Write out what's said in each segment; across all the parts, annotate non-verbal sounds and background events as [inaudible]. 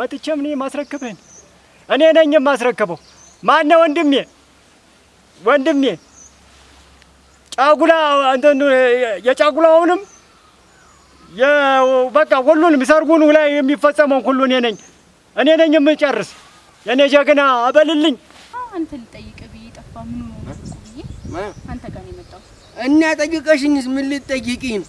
መጥቼም እኔ ማስረክብህን እኔ ነኝ የማስረክበው። ማነው ወንድሜ? ወንድሜ ጫጉላ እንትኑ የጫጉላውንም በቃ ሁሉንም ሰርጉኑ ላይ የሚፈጸመውን ሁሉ እኔ ነኝ እኔ ነኝ የምጨርስ። የእኔ ጀግና አበልልኝ። አንተ ልጠይቅህ ብዬ ጠፋ። ምኑ ነው አንተ ጋር ነው የመጣሁት እና ጠይቀሽኝስ ምን ልጠይቅኝ ነው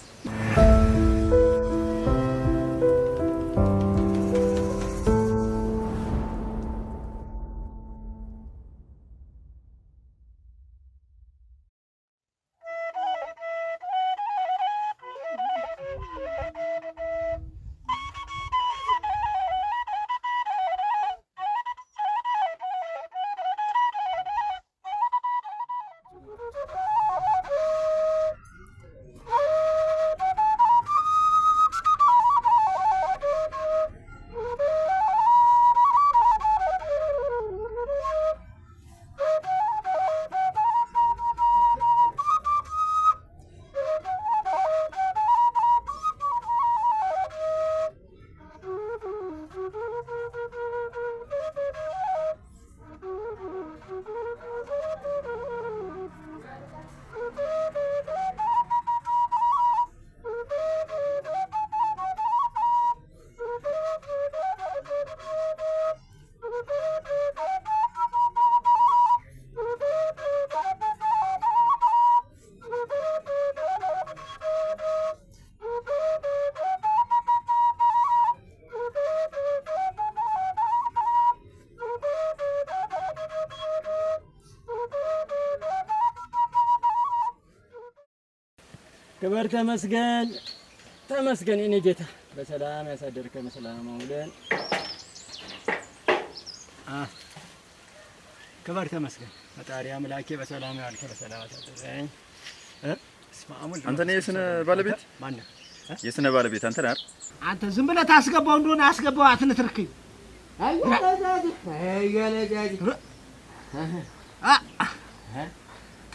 ክብር ተመስገን ተመስገን እኔ ጌታ በሰላም ያሳደርከን በሰላም አውለን። ክብር ተመስገን ፈጣሪ አምላኬ በሰላም ያልከ በሰላም ያሳደረኝ አንተ ነህ። የስነ ባለቤት ማነህ? የስነ ባለቤት አንተ ነህ። አንተ ዝም ብለህ ታስገባው እንደሆነ አስገባው አትንትርክኝ።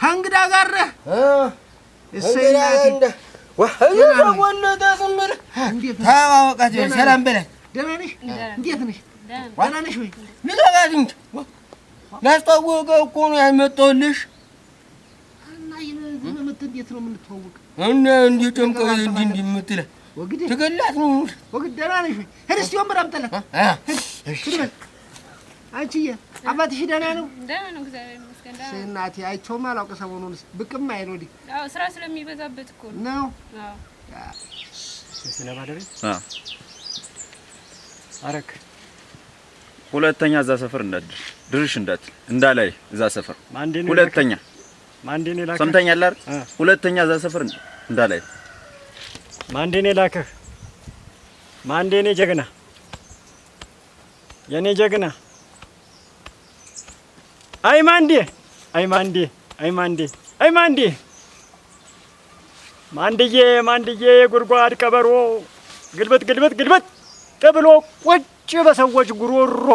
ከእንግዳ ጋር ነህ ሰላም በላት። ደህና ነሽ? እንዴት ነሽ? ደህና ነው ያመጣሁልሽ። እንዴት አንቺዬ አባትሽ ደህና ነው? ደህና ነው፣ እግዚአብሔር ይመስገን። ደህና ነው እናቴ። አይቼውም አላውቅ ሰሞኑን ብቅም አይል ወዲህ። አዎ ስራ ስለሚበዛበት እኮ ነው። አዎ አረክ ሁለተኛ እዛ ሰፈር ድርሽ እንዳላይ እዛ ሰፈር ሁለተኛ ሰምተኛል አይደል? ሁለተኛ እዛ ሰፈር እንዳላይ ማንዴኔ ጀግና የኔ ጀግና አይ ማንዴ አይ ማንዴ አይ ማንዴ አይ ማንዴ ማንድዬ ማንድዬ የጉድጓድ ቀበሮ ግልበት ግልበት ግልበት ተብሎ ቁጭ በሰዎች ጉሮሮ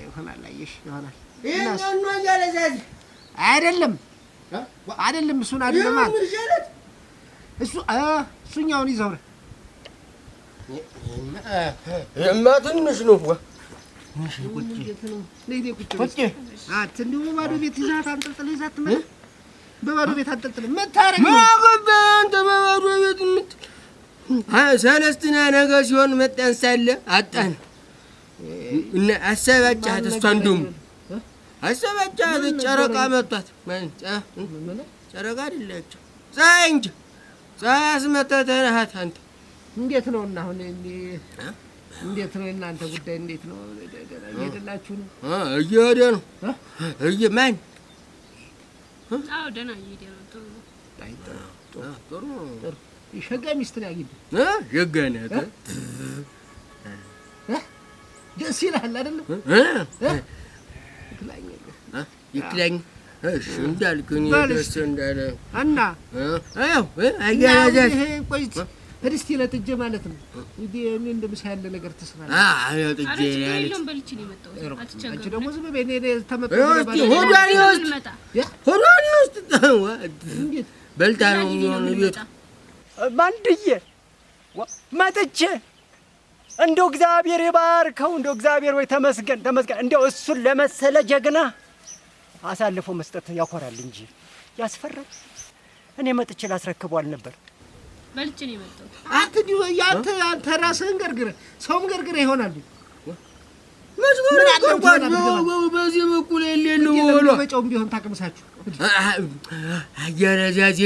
ይሆናል። አየሽ ይሆናል። አይደለም አይደለም፣ እሱን አይደለም እሱ እሱኛውን ይዘው እማ ትንሽ ነው ቁጭ በባዶ ቤት ይዛት አንጠልጥለህ ይዛት ትመጣ ሰለስትና ነገ ሲሆን መጣን ሳለ አጣን። አሰባጫት እሷ እንደውም አሰባጫት። ጨረቃ መቷት። ጨረቃ አይደለችም ፀሐይ እንጂ ፀሐይ አስመተተናሃት አንተ። እንዴት ነው እና አሁን እንዴት ነው የእናንተ ጉዳይ? እንዴት ነው እየሄደላችሁ ነው? እየሄደ ነው። እየ ማን? አዎ ደህና እየሄደ ነው። ጥሩ ጥሩ ጥሩ። ሸጋ ሚስት ነው ያግኝ። ሸጋ ናት። ደስ ይላል አይደለም? ትክላኛለህ ይክላኝ እሺ እንዳልክ እኔ ደስ እንዳለ እና ያው አያያዛት ቆይት በድስት ይለት ማለት ነው። እንዴ እኔ እንደምሳ ያለ ነገር ትስራለህ? አዎ መጥቼ እንደው እግዚአብሔር ይባርከው፣ እንደው እግዚአብሔር ወይ ተመስገን ተመስገን። እንደው እሱን ለመሰለ ጀግና አሳልፎ መስጠት ያኮራል እንጂ ያስፈራል። እኔ መጥቼ ላስረክበው አልነበር በልቼ ነው የመጣሁት። አንተ ያንተ አንተ ራስህን ገርግረህ ሰውም ገርግረህ ይሆናል። መስመር አጥቋት ነው። በዚህ በኩል የሌለ ወሎ በጨውም ቢሆን ታቅምሳችሁ አያረዛዜ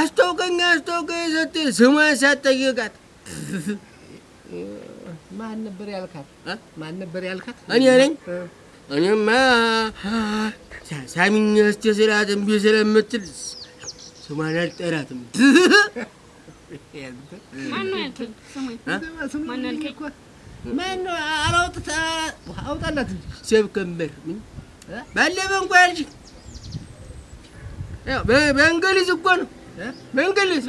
አስታውቀኝ አስታውቀኝ ስትል ስሟን ሳትጠይቃት ማን ነበር ያልካት? ማን ነበር ያልካት? እኔ ነኝ። እኔማ ሳሚኝ እስቲ ስላት እምቢ ስለምትል ስሟን አልጠራትም። አውጣላት ሴፕቴምበር ባለፈው እንኳ ያልሽ በእንግሊዝ እኮ ነው። በእንግሊዝ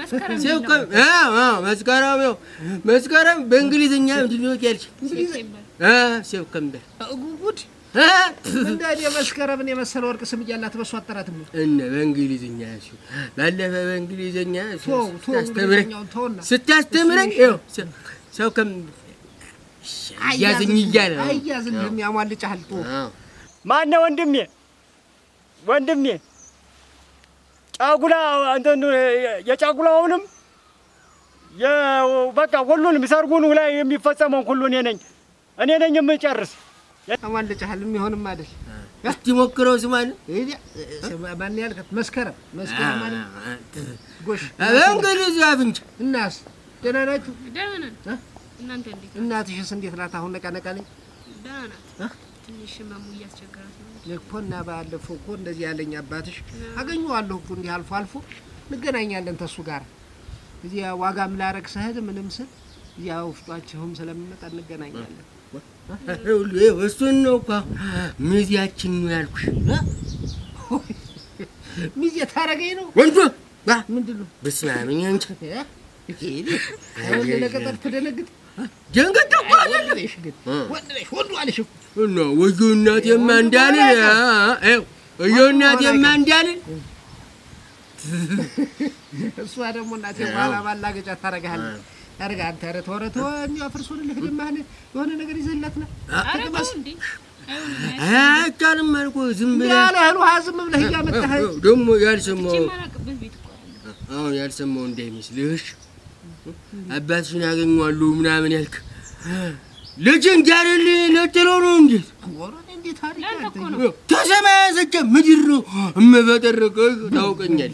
መስከረም መስከረም በእንግሊዝኛ ያልሽ ሴፕቴምበር እንደ መስከረምን የመሰለ ወርቅ ስም እያላት በእሱ አጠራትም እነ በእንግሊዝኛ ያልሽው ባለፈ በእንግሊዝኛ ስታስተምረኝ ስታስተምረኝ ሰው ከም እያዝኝ እያለ አያዝልህም ወንድሜ? ወንድሜ ጫጉላ እንትን የጫጉላውንም በቃ ሁሉንም ሰርጉን ላይ የሚፈጸመውን ሁሉ እኔ ነኝ እኔ ነኝ የምጨርስ አዋልጨሃል የሚሆንም አይደል? እስቲ ሞክረው። ስማን ማን ያልከት? መስከረም መስከረም እንግዲህ እናስ ደህና ናችሁ? እናትሽስ እንዴት ናት? አሁን እኮ እና ባለፈው እኮ እንደዚህ ያለኝ አባትሽ አገኘዋለሁ እኮ እንዲህ አልፎ አልፎ እንገናኛለን ተሱ ጋር እዚያ ዋጋም ላረግ ምንም ስል እዚያ ውስጧችሁም ስለምመጣ እንገናኛለን። እሱን ነው እኮ ሚዜያችን ነው ያልኩሽ። ሚዜ ታረገኝ ነው ወንዱ ምንድን ነው? በስመ አብ እንጂ ለቀጠር ትደነግጥ ደንገጥ እኮ አይደለሽ ግን ወንድ ነሽ ወንዱ አለሽ እኮ እና ወዮ እናቴማ እንዳልል ወዮ እናቴማ እንዳልል እሷ ደግሞ እናቴ በኋላ ባላገጫ ታረግሃለች አረጋ አንተ ኧረ ተወው ኧረ እንዲያው አፍርሶን ልህ የሆነ ነገር ይዘላት ነው። አይቻልም አልኩ። ዝም ብለህ ያለ ውሃ ዝም ብለህ እያመጣህ ደግሞ ያልሰማው አሁን ያልሰማው እንዳይመስልሽ አባትሽን ምናምን ያልክ ልጅ እንጃርል ለጥሎሩ እንጂ ተሰማ ዘጀ ምድር ነው እመበጠረቀ ታውቀኛል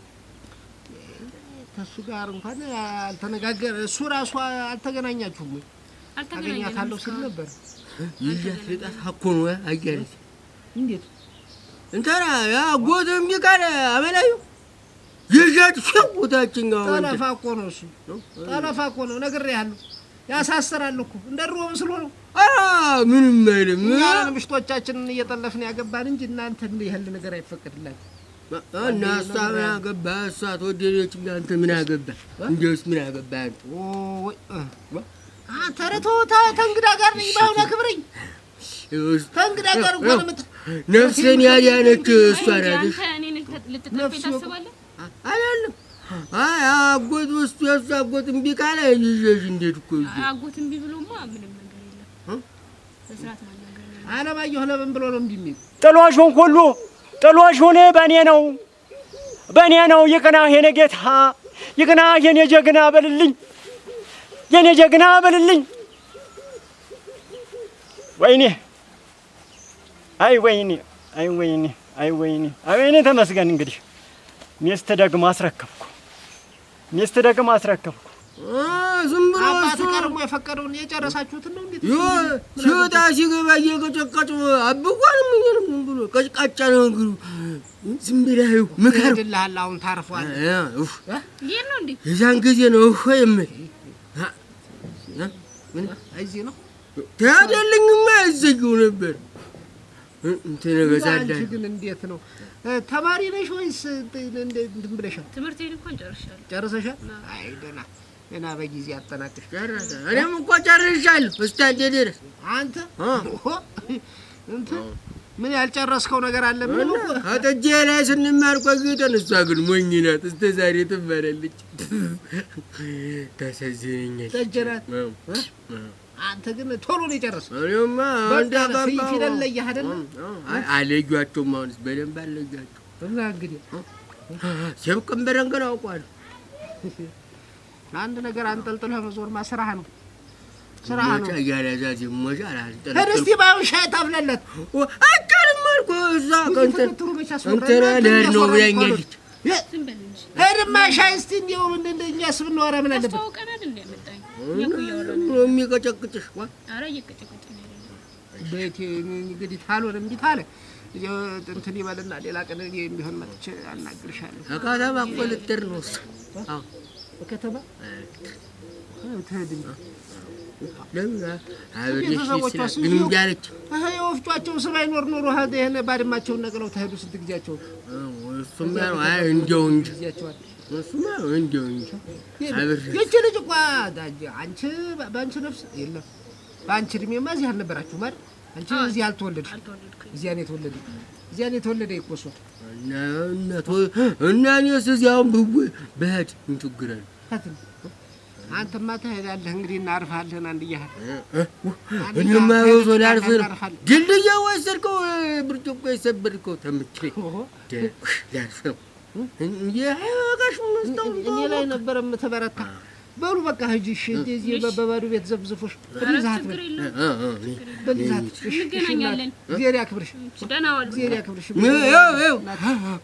ከእሱ ጋር እንኳን አልተነጋገረ እሱ ራሱ አልተገናኛችሁም ወይ? አገኛታለሁ ስል ነበር። ይያት ልጣት እኮ ነው አያለች። እንዴት እንትና ያ ጎትም ይቃል አበላዩ ይያት ሸውታችኛው ጠለፋ እኮ ነው እሱ ጠለፋ እኮ ነው። ነግሬሃለሁ፣ ያሳስራል እኮ እንደ ድሮ መስሎ ነው። ኧረ ምንም አይልም። ምሽቶቻችንን እየጠለፍን ያገባን እንጂ እናንተ ይህል ነገር አይፈቅድላችሁ እና እሷ ምን አገባ? እሷ ተወደደች። አንተ ምን አገባ? እንደውስ ምን አገባ? አንተ ተረቶ ተንግዳ ጋር ነኝ። በአሁኑ አክብረኝ። ተንግዳ ጋር እንኳን ነፍስን ያዳነች እሷ ናት። አይደለም አይ አጎት ውስጥ የእሱ አጎት እምቢ ካለ ይዤሽ እንዴት እኮ አጎት እምቢ ብሎማ ምንም ነገር የለም። አለማየሁ ለምን ብሎ ነው እምቢ የሚል ጥሎሽ ሆንኩ ሁሉ ጥሎሽ ሁኔ በእኔ ነው በእኔ ነው። ይቅና የኔ ጌታ፣ ይቅና፣ የኔ ጀግና በልልኝ፣ የኔ ጀግና በልልኝ። ወይኔ አይ ወይኔ አይ ወይኔ አይ ወይኔ አይ ወይኔ። ተመስገን እንግዲህ ሚስት ደግሞ አስረከብኩ፣ ሚስት ደግሞ አስረከብኩ። ዝም ብሎ አባት ቀርሞ የፈቀደውን የጨረሳችሁትን ነው። እንዴት ሲወጣ ሲገባ እየቀጨቀጭ አብቋንም እኛንም ዝም ብሎ ቀጭቃጫ ነው። እንግሩ ዝም ብለህ ምከር ድልሃል። አሁን ታርፏል። ይህ ነው እንዴ? የዛን ጊዜ ነው እኮ የምልህ እዚህ ነው ታደልኝማ ያዘጊው ነበር። ግን እንዴት ነው ተማሪ ነሽ ወይስ እንትን ብለሻል? ትምህርቴን እንኳን ጨርሻለሁ። ጨርሰሻል? አይ ደህና ገና በጊዜ አጠናቅሽ። እኔም እኮ ጨርሻለሁ። እስቲ አንዴ ድረስ አንተ እንትን ምን ያልጨረስከው ነገር አለ? ምን አጠጄ ላይ ስንማር ቆይተን፣ እሷ ግን ሞኝ ናት። እስከ ዛሬ ትማራለች። አንተ ግን ቶሎ ነው የጨረስኩ። ፊደል ለየህ አይደለ? አለጇቸውም። አሁንስ በደንብ አለጇቸው። እንግዲህ ሴብቅም በደንብ ነው ለአንድ ነገር አንጠልጥለህ መዞርማ ስራህ ነው፣ ስራህ ነው። እስቲ ባሁን ሻይ ታፍለለት አቃልም አልኩህ። እዛ እንትን ልሄድ ነው ብለኛለች። ሄድማ ሻይ እስቲ እንዲሁ እንደኛ ስብ እናወራ ምን አለበት? የሚቀጨቅጭሽ ቤቴ እንግዲህ ታልሆነ እምቢ ታለ እንትን ይበልና ሌላ ቀን የሚሆን መጥቼ አናግርሻለሁ። ከተማ እኮ ልትሄድ ነው እሱ በከተማ የወፍጫቸው ስብ አይኖር ኖሮ ይሄን ባድማቸውን ነቅለው ተሄዱ። ስንት ጊዜያቸው እንዲያው ልጅ እኮ አንቺ በአንቺ ነፍስ የለም በአንቺ እድሜማ እዚህ አልነበራችሁም አይደል? አንቺ እዚህ አልተወለድሽም። እዚያ ነው የተወለደ እኮ እሷ እና እኔስ እዚያውን ብዌ በህድ እንትግራል አንተማ ትሄዳለህ እንግዲህ እናርፋለን። አንድያህል እኔማ ወደ አርፍ ድልድይ ወሰድከው ብርጭቆ የሰበድከው ተምቼ ላርፍ ነው። ይህ ጋሽ እኔ ላይ ነበር የምትበረታ በሉ በቃ ሂጂ። እሺ፣ እንደዚህ በባዶ ቤት ዘብዝፎሽ ብዛት ነው በዛት። እሺ፣ እግዚአብሔር ያክብርሽ፣ እግዚአብሔር ያክብርሽ።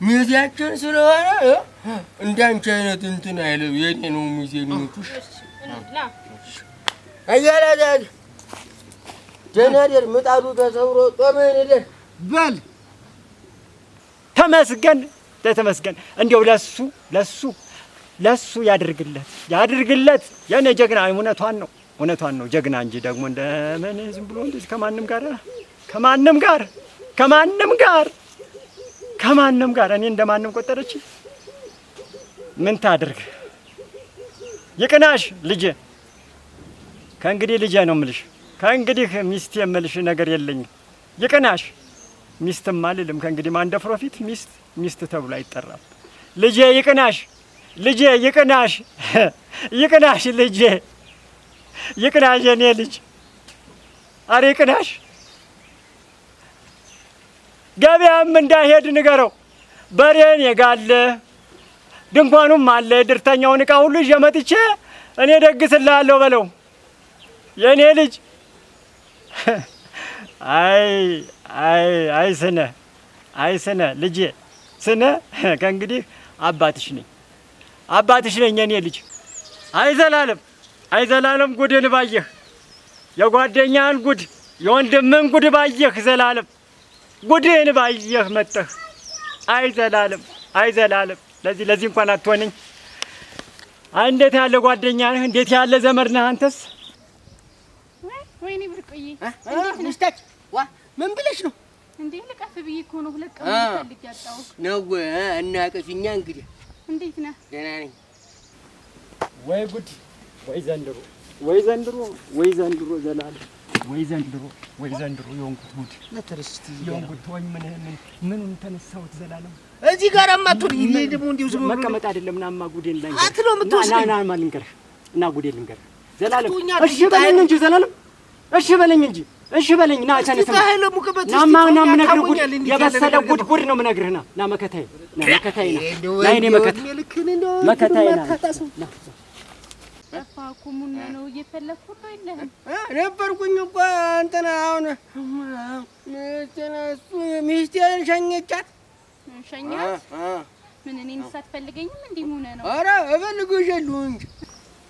ሚዜያችን ስለሆነ እንዳንቺ አይነት እንትን ነው ደናደር ምጣዱ ተሰብሮ ጦመን በል ተመስገን ተመስገን። እንዲያው ለሱ ለሱ ለሱ ያድርግለት ያድርግለት። የኔ ጀግና እውነቷን ነው እውነቷን ነው ጀግና እንጂ ደግሞ እንደምን ዝም ብሎ እንደዚህ ከማንም ጋር ከማንም ጋር ከማንም ጋር ከማንም ጋር እኔ እንደማንም ቆጠረች። ምን ታድርግ? ይቅናሽ ልጄ። ከእንግዲህ ልጄ ነው ምልሽ። ከእንግዲህ ሚስት የምልሽ ነገር የለኝም። ይቅናሽ። ሚስትም አልልም ከእንግዲህ ማንደፍሮ ፊት ሚስት ሚስት ተብሎ አይጠራም። ልጄ ይቅናሽ። ልጄ ይቅናሽ፣ ይቅናሽ፣ ልጄ ይቅናሽ፣ የኔ ልጅ አሬ ይቅናሽ። ገበያም እንዳይሄድ ንገረው። በሬን የጋለ ድንኳኑም አለ ድርተኛውን እቃ ሁሉ ይዤ መጥቼ እኔ ደግስላለሁ በለው የእኔ ልጅ። አይ አይ አይ ስነ አይ ስነ ልጄ ስነ ከእንግዲህ አባትሽ ነኝ። አባትሽ ነኝ እኔ ልጅ። አይዘላለም አይዘላለም ጉድን ባየህ የጓደኛን ጉድ የወንድምን ጉድ ባየህ ዘላለም ጉድን ባየህ መጠህ አይዘላለም አይዘላለም። ለዚህ ለዚህ እንኳን አትሆነኝ። እንዴት ያለ ጓደኛ ነህ? እንዴት ያለ ዘመድ ነህ? አንተስ ወይኔ ብርቅዬ እንዴት ዋ ምን ብለሽ ነው እንዴ? ልቀፍ ብዬሽ እኮ ነው። ሁለት ቀን ፈልጌ አጣሁህ ነው እና ቀፊኛ እንግዲህ እንዴት ነህ? ደህና ነኝ። ወይ ጉድ! ወይ ዘንድሮ! ወይ ዘንድሮ! ወይ ዘንድሮ! ዘላለም! ወይ ዘንድሮ! ወይ ዘንድሮ! የሆንኩት ጉድ! ለተረስቲ የሆንኩት ወይ ምን ምን ምኑን ተነሳሁት? ዘላለም እዚህ ጋር አማቱን ይሄ ደግሞ እንዲሁ ዝም መቀመጥ አይደለም። ናማ ጉዴን ላይ አትሎ ምትወስደኝ ና ና ልንገርህ እና ጉዴን ልንገርህ። ዘላለም እሺ በለኝ እንጂ ዘላለም እሺ በለኝ እንጂ እሺ በለኝ ና ቸነስ ናማ ና የምነግርህ ጉድ የበሰለ ጉድ ጉድ ነው የምነግርህ። ና ና መከታዬ ና መከታዬ ና ና የእኔ መከታ መከታዬ ና ና ጠፋኩሙና ነው እየፈለግኩ ሁሉ የለህም ነበርኩኝ እኮ እንትን አሁን እሱ ሚስቴን ሸኘቻት። ሸኛት ምን እኔን ሳትፈልገኝም እንዲህ ሆነ ነው? ኧረ እፈልግሻለሁ እንጂ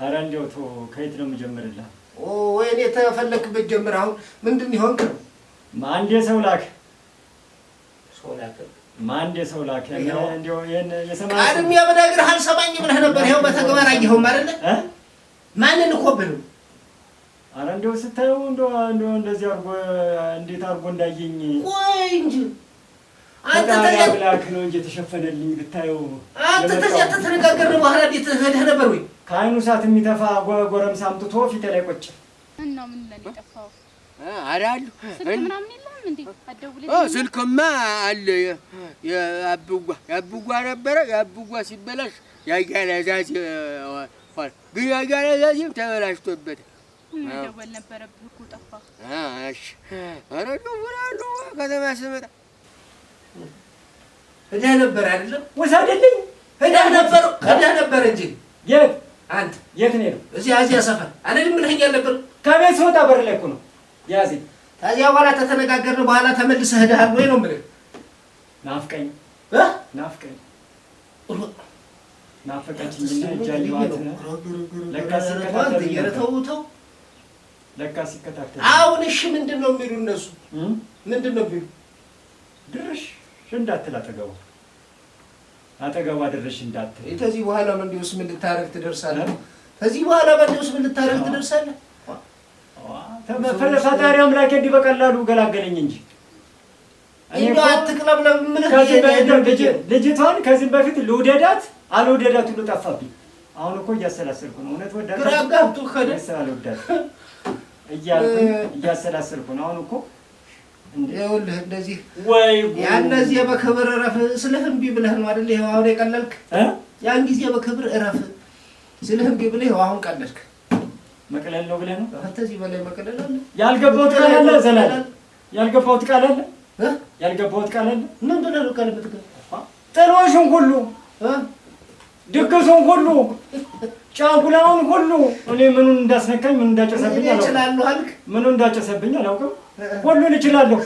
ኧረ እንደው ተው፣ ከየት ነው የምጀምርልህ? ወይኔ የተፈለክበት ጀምር። አሁን ምንድን ይሆን? አንዴ ሰው ላክ፣ ሰው ላክ፣ አንዴ ሰው ላክ። እንደው ይሄን የሰማህ አይደል? የሚያበዳግርህ አልሰማኝ ብለህ ነበር። ይኸው በተግባር አየኸውም አይደል? ማንን እኮ ብለው ኧረ እንደው ስታየው እንደው እንደዚህ አድርጎ እንዴት አርጎ እንዳየኝ ወይ እንጂ አምላክ ነው እንጂ የተሸፈነልኝ ብታየው። አንተ ተዚያ ተነጋገርን በኋላ ቤት ሄደህ ነበር ወይ? ከአይኑ ሰዓት የሚተፋ ጎረምሳ አምጥቶ ፊት ላይ ቆጭ እና ምን ለን የጠፋው ስልክ ምናምን የለም እንዴ? አደውልልኝ። ስልክማ አለ የአብጓ የአብጓ ነበረ። የአብጓ ሲበላሽ ያያለዛዝ ሆነ። ግን ያያለዛዝም ተበላሽቶበታል። ነበረብህ እኮ እሺ ደውላለሁ ከተማ ስመጣ እዳህ ነበር አይደለም? ወይስ አይደለኝ? እዳህ ነበር እዳህ ነበር እንጂ የት አንተ የት ነው? እዚያ እዚያ ሰፈር አይደለም ብለኸኛል ነበር። ከቤት ስወጣ በር ላይ እኮ ነው ያዜ። ከዚያ በኋላ ተተነጋገርን በኋላ ተመልሰህ እዳህ ወይ ነው የምልህ። ናፍቀኝ እ ናፍቀኝ ናፈቀችኝና እጃለዋት ለካ ሲከታተል ለካ ሲከታተል። አሁን እሺ ምንድን ነው የሚሉ እነሱ ምንድን ነው የሚሉ ድርሽ እንዳትል አጠገቡ አጠገቡ አደረሽ እንዳትል ከዚህ በኋላ ምን ልታረግ ትደርሳለህ? ከዚህ በኋላ ምን ልታረግ ትደርሳለህ? ፈጣሪ አምላኬ እንዲህ በቀላሉ ገላገለኝ እንጂ ልጅቷን ከዚህ በፊት ልውደዳት አልውደዳት ሁሉ ጠፋብኝ። አሁን እኮ እያሰላሰልኩ ነው። እውነት ወዳት እያሰላሰልኩ ነው አሁን እኮ ይኸውልህ እንደዚህ ወይ በክብር እረፍ ስልህ እምቢ ብለህ ነው አይደል? ይኸው አሁን የቀለልክ። ያን ጊዜ በክብር እረፍ ስልህ እምቢ ብለህ ይኸው አሁን ቀለልክ። መቅለል ነው ብለህ ነው። ከዚህ በላይ መቅለል አለ? ያልገባሁት ቃል አለ? ዘላለም ያልገባሁት ቃል አለ? ያልገባሁት ቃል አለ? ብለህ ነው ቃል የምትገባ? ጥሎሽን ሁሉ ድግሱን ሁሉ ጫጉላውን ሁሉ እኔ ምኑን እንዳስነካኝ ምኑን እንዳጨሰብኝ አላውቅም። ምኑን እንዳጨሰብኝ አላውቅም። ሁሉን እችላለሁ፣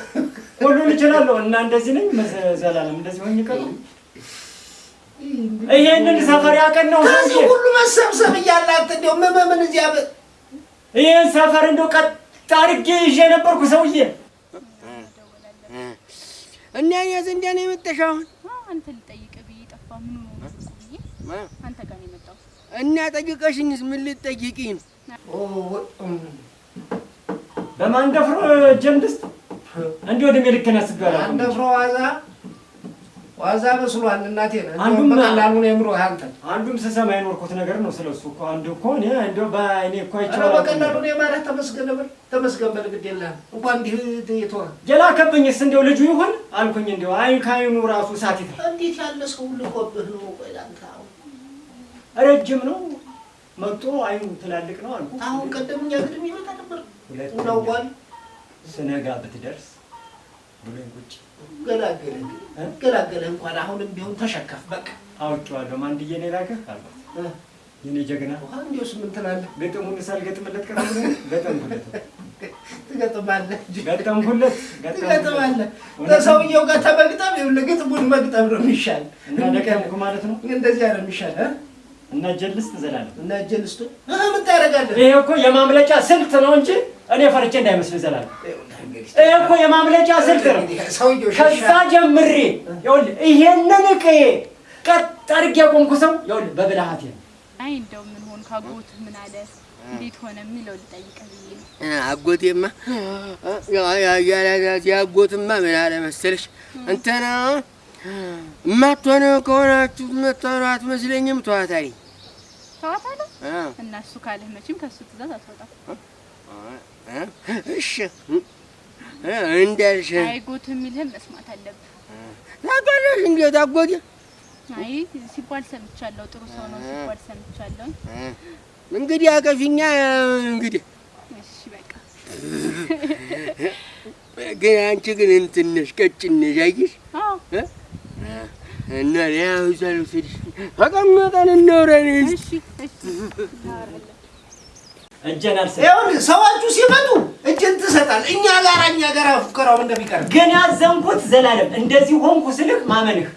ሁሉን እችላለሁ እና እንደዚህ ነኝ። መዘላለም እንደዚህ ሆኜ ቀሩ። ይሄንን ሰፈር ነው ከዚህ ሁሉ መሰብሰብ እያላት እንደው ምን መመምን እዚያ ይሄን ሰፈር እንደው ቀጥ አድርጌ ይዤ ነበርኩ ሰውዬ እና ያዝ እንዲያ ነው የመጣሽው? አሁን አንተ ልጠይቅ ብዬ ጠፋ። ምን ነው አንተ ጋር ነው የመጣሁት እና ጠይቀሽኝስ ምን ልጠይቅኝ ነው? በማንደፍሮ ጀምድስት እንዲህ ወደ ሜልከን ያስገራል። አንደፍሮ ዋዛ ዋዛ መስሏል። እናቴ ነው አንዱም ማላሉ ነው የምሮ አንተ አንዱም ስሰማ የኖርኩት ነገር ነው። ስለሱ እኮ አንዱ እኮ እኔ እንዶ ባይኔ እኮ አይቻለሁ። በቀላሉ ነው የማለት ተመስገን ነበር። ተመስገን በል ግድ የለህም እንኳን እንዲህ ጀላ ከበኝስ እንደው ልጁ ይሆን አልኩኝ። እንደው አይን ካይኑ ራሱ ሳቲት እንዴት ያለ ሰው ልቆብህ ነው ቆይ አንተ ረጅም ነው መጥቶ አይኑ ትላልቅ ነው አልኩ። አሁን ቀደም እኛ ግድም ይመጣ ነበር እናውቋል። ስነጋ ብትደርስ ብሎኝ ቁጭ ገላገለ ገላገለ። እንኳን አሁንም ቢሆን ተሸከፍ በቃ አውቄዋለሁ። ማንድዬ ነው የላከህ አልኳት። የኔ ጀግና እንዲያውስ ምን ትላለህ? ገጠሙን ሳልገጥምለት ቀረ። ገጠምኩለት፣ ትገጥማለህ፣ ገጠምኩለት፣ ትገጥማለህ። ተሰውየው ጋር ተመግጠም ይኸውልህ ግጥሙን መግጠም ነው የሚሻል። እና ደቀምኩ ማለት ነው። እንደዚህ ነው የሚሻል እና እናጀልስ ዘላለም እናጀልስ ነው። ምን ታደርጋለህ? ይሄ እኮ የማምለጫ ስልት ነው እንጂ እኔ ፈርቼ እንዳይመስል ዘላለም። ይሄ እኮ የማምለጫ ስልት ነው። ከዛ ጀምሬ ይኸውልህ ይሄንን ቅዬ ቀጥ አድርጌ ያቆምኩ ሰው ይኸውልህ በብልሃቴ ነው። አይ እንደው ምን ሆን ካጎት ምን አለ እንዴት ሆነ የሚለው ልጠይቅህ ብዬ ነው። አጎቴማ ያጎትማ ምን አለ መሰለሽ እንትና እማትሆነ ከሆናችሁ መታወራት መስለኝም ተዋታኝ ተዋታለህ እና እሱ ካለህ መቼም ከእሱ ትእዛዝ አትወጣም። እሺ እንዳልሽ አይጎትህ የሚልህም መስማት አለብህ። ታውቃለሽ እንዴት አጎቴ አይ ሲባል ሰምቻለሁ። ጥሩ ሰው ነው ሲባል ሰምቻለሁ። እንግዲህ አቀፊኛ እንግዲህ እሺ በቃ [laughs] ግን አንቺ ግን እንትንሽ ቀጭንሽ አየሽ እና ያው ሁዛሉ ስድሽ ተቀመጠን እናውራን። ይኸውልህ ሰዎቹ ሲመጡ እጅን ትሰጣለህ። እኛ ጋር እኛ ጋር ፉከራው እንደሚቀር ገና ዘንኩት። ዘላለም እንደዚህ ሆንኩ ስልህ ማመንህ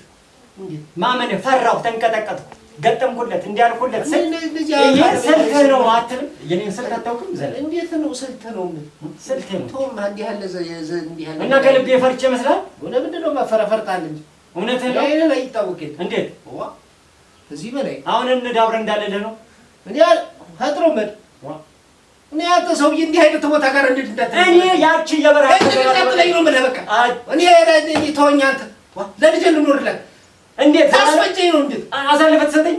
ማመንህ ፈራሁ፣ ተንቀጠቀጥኩ፣ ገጠምኩለት፣ እንዲያልኩለት ስልት ነው አትልም። የኔን ስልት አታውቅም። ዘላለም እንዴት ነው ስልት ነው ስልት ነው እና ከልቤ ፈርቼ ይመስላል። ለምንድን ነው መፈረፈርጣል እንጂ እውነትህን ነው። ይሄንን አይታወቅም እንዴት እዚህ በላይ አሁን እንድ አብረን እንዳለልህ ነው እኔ ፈጥሮ መድ እኔ አንተ ሰውዬ እንዲህ አይነት ቦታ ጋር እንዴት እንዳትለኝ እኔ ያቺ የበረሃ እንዳትለኝ ነው የምልህ። በቃ እኔ እኔ ተወኝ። አንተ ለልጄ ልኖርላት እንዴት ታስፈጨኝ ነው እንዴት አሳልፈህ ትሰጠኝ?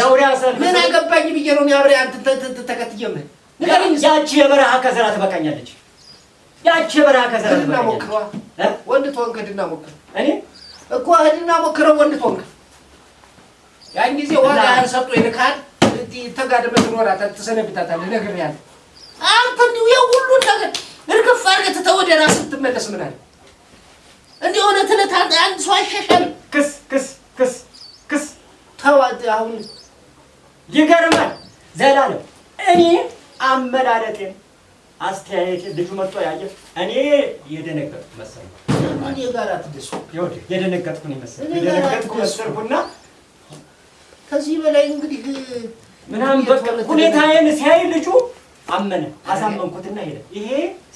ዳውሪ ትሰጠኝ? ምን አገባኝ ብዬ ነው አብሬ አንተ ተከትዬ የምልህ። ያቺ የበረሃ ከዘራ ትበቃኛለች። ያቺ የበረሃ ከዘራ ትበቃኛለች። ወንድ ትወንክ ሂድና ሞክረው። እኔ እኮ ሂድና ሞክረው ወንድ ትወንክ ያን ጊዜ ዋጋ አንሰጡ ይልካል። ተጋድመህ ትኖራታለህ፣ ትሰነብታታለህ። ነግሬሃለሁ። አንተ እንዲሁ ያው ሁሉን ነገር እርግፍ አድርገህ ትተህ ወደ እራስህ ስትመለስ ምን አለ እንዲህ ሆነ ዕለት አንድ ሰው አይሸሸም። ክስ ክስ ክስ ክስ ተው። አሁን ይገርማል። ዘላለም እኔ አመላለጤን አስተያየት ልጁ መጥቶ ያየ እኔ የደነገጥኩ መሰለኝ። እኔ ጋር አትደሱ የደነገጥኩ ነው መሰለኝ የደነገጥኩ መሰልኩና ከዚህ በላይ እንግዲህ ምናምን በቃ ሁኔታዬን ሲያይ ልጁ አመነ። አሳመንኩትና ሄደ። ይሄ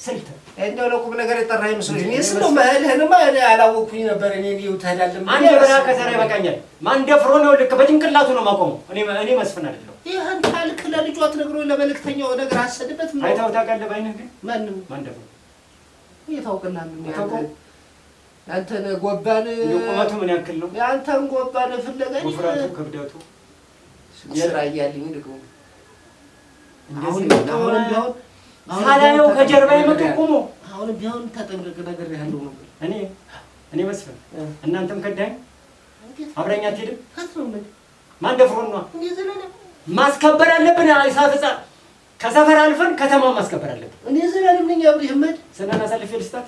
ስልት እንደው ለቁም ነገር የጠራ ይመስለኝ። እኔ ስለው መሄድህንማ እኔ ነው። ልክ በጭንቅላቱ ነው ማቆሙ። እኔ እኔ መስፍን አይደለሁ። ይሄን ታልክ ለልጇ ትነግሮ ለመልእክተኛው ነገር አሰድበት። አይተው ታውቃለህ? ባይነህ ግን ማንም ማንደፍሮ ይታውቅላል። ይታውቃል አንተን ጎባን ቁመቱ ምን ያክል ነው? አንተን ጎባን ፍለገኝ ውፍረቱ፣ ክብደቱ ስራ እያለኝ ደግሞ አሁን ቢሆን ሳላየው ከጀርባ የመጡ አሁን ቢሆን ተጠንቀቅ ነግሬሃለሁ ነበር እኔ እኔ መስፍን፣ እናንተም ከዳኝ አብረኛ ትሄድም ማን ደፍሮን ነዋ ማስከበር አለብን። አይሳ ከሰፈር አልፈን ከተማ ማስከበር አለብን። እኔ ዘላለም ነኝ አብሬ ህመድ ስናን አሳልፌ ልስጣት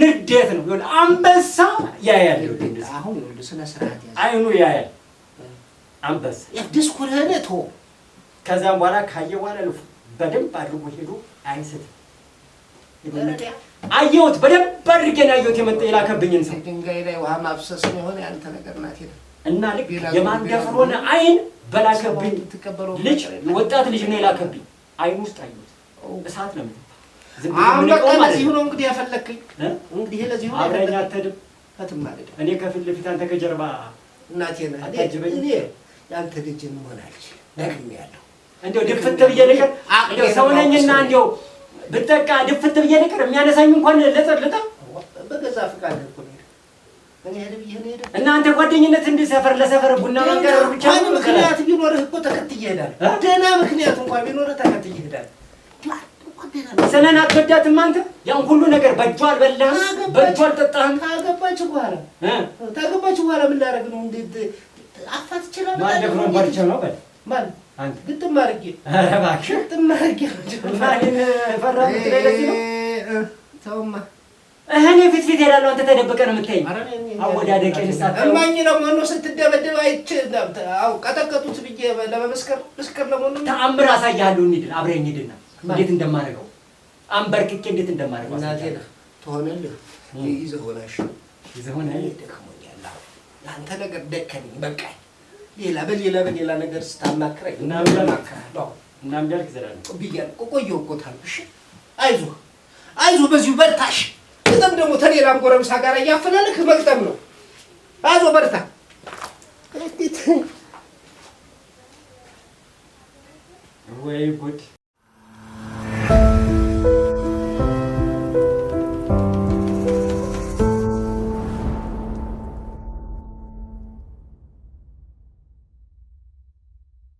ንዴት ነው። አንበሳ ያያል፣ አሁን ስነ ስርዓት አይኑ ያያል። አንበሳ ያደስኩርህን ቶ ከዚያም በኋላ ካየ በኋላ ልፉ በደንብ አድርጎ ሄዶ አይስትም። አየሁት፣ በደንብ አድርጌን አየሁት። የመጣ የላከብኝን ሰው ድንጋይ ላይ ውሃ ማፍሰስ የሆነ ያንተ ነገር ናት እና ልክ ሆነ አይን በላከብኝ ልጅ ወጣት ልጅ ነው የላከብኝ አይኑ ውስጥ አየሁት። እሳት ነው ለዚህ ነው እንግዲህ ያፈለክኝ። እንግዲህ ለዚህ ነው አብረኛ አትሄድም። እኔ ከፊት ለፊት አንተ ከጀርባ እናቴ ነህ። እኔ የአንተ ልጅ መሆን አልችልም። ደግሜያለሁ። እንደው ድፍት ብዬ ልቅር ሰው ነኝና እንደው ብጠቃ ድፍት ብዬ ልቅር የሚያነሳኝ እንኳን ልጠር በገዛ ፍቃድ እኮ ነው ጓደኝነት እንደ ሰፈር ለሰፈር ቡና ማንቀረር ብቻ ምክንያት ቢኖርህ እኮ ተከትዬ እሄዳለሁ። ደህና ምክንያት እንኳን ቢኖርህ ተከትዬ እሄዳለሁ። ስለናትወዳትም አንተ ያን ሁሉ ነገር በእጇ አልበላህም፣ በእጇ አልጠጣህም። ታገባች በኋላ ታገባች በኋላ ምን ላደርግ ነው? እንዴት አፋት ይችላል ማለት ነው። ባርቸ ነው በል ማለት አንተ ግጥም አድርጌ ኧረ እባክህ ግጥም አድርጌ ማንን ፈራህ ትለለኝ ነው ተውማ እኔ ፊት ፊት እሄዳለሁ፣ አንተ ተደብቀ ነው የምታይኝ። አወዳደቅህን እማኝ ለመሆኑ ስትደበደብ አይቼ ቀጠቀጡት ብዬ ለመመስከር ምስክር ለመሆኑ ተአምር አሳይሃለሁ። እንሂድ፣ አብረኝ እንሂድና እንዴት እንደማደርገው አንበርክኬ እንዴት እንደማደርገው እናቴና ትሆነልህ ይዘህ ሆነሽ ይዘህ ሆነህ ደክሞኛል። ለአንተ ነገር ደከመኝ፣ በቃ ሌላ በሌላ በሌላ ነገር ስታማክረኝ ምናምን ያልክ ዘላለም ብያለሁ። ቆየሁ እኮ ታል እሺ፣ አይዞ፣ አይዞህ፣ በዚሁ በርታሽ። ግጥም ደግሞ ተሌላም ጎረምሳ ጋር እያፈላለክ መቅጠም ነው። አይዞህ በርታ። ወይ ጉድ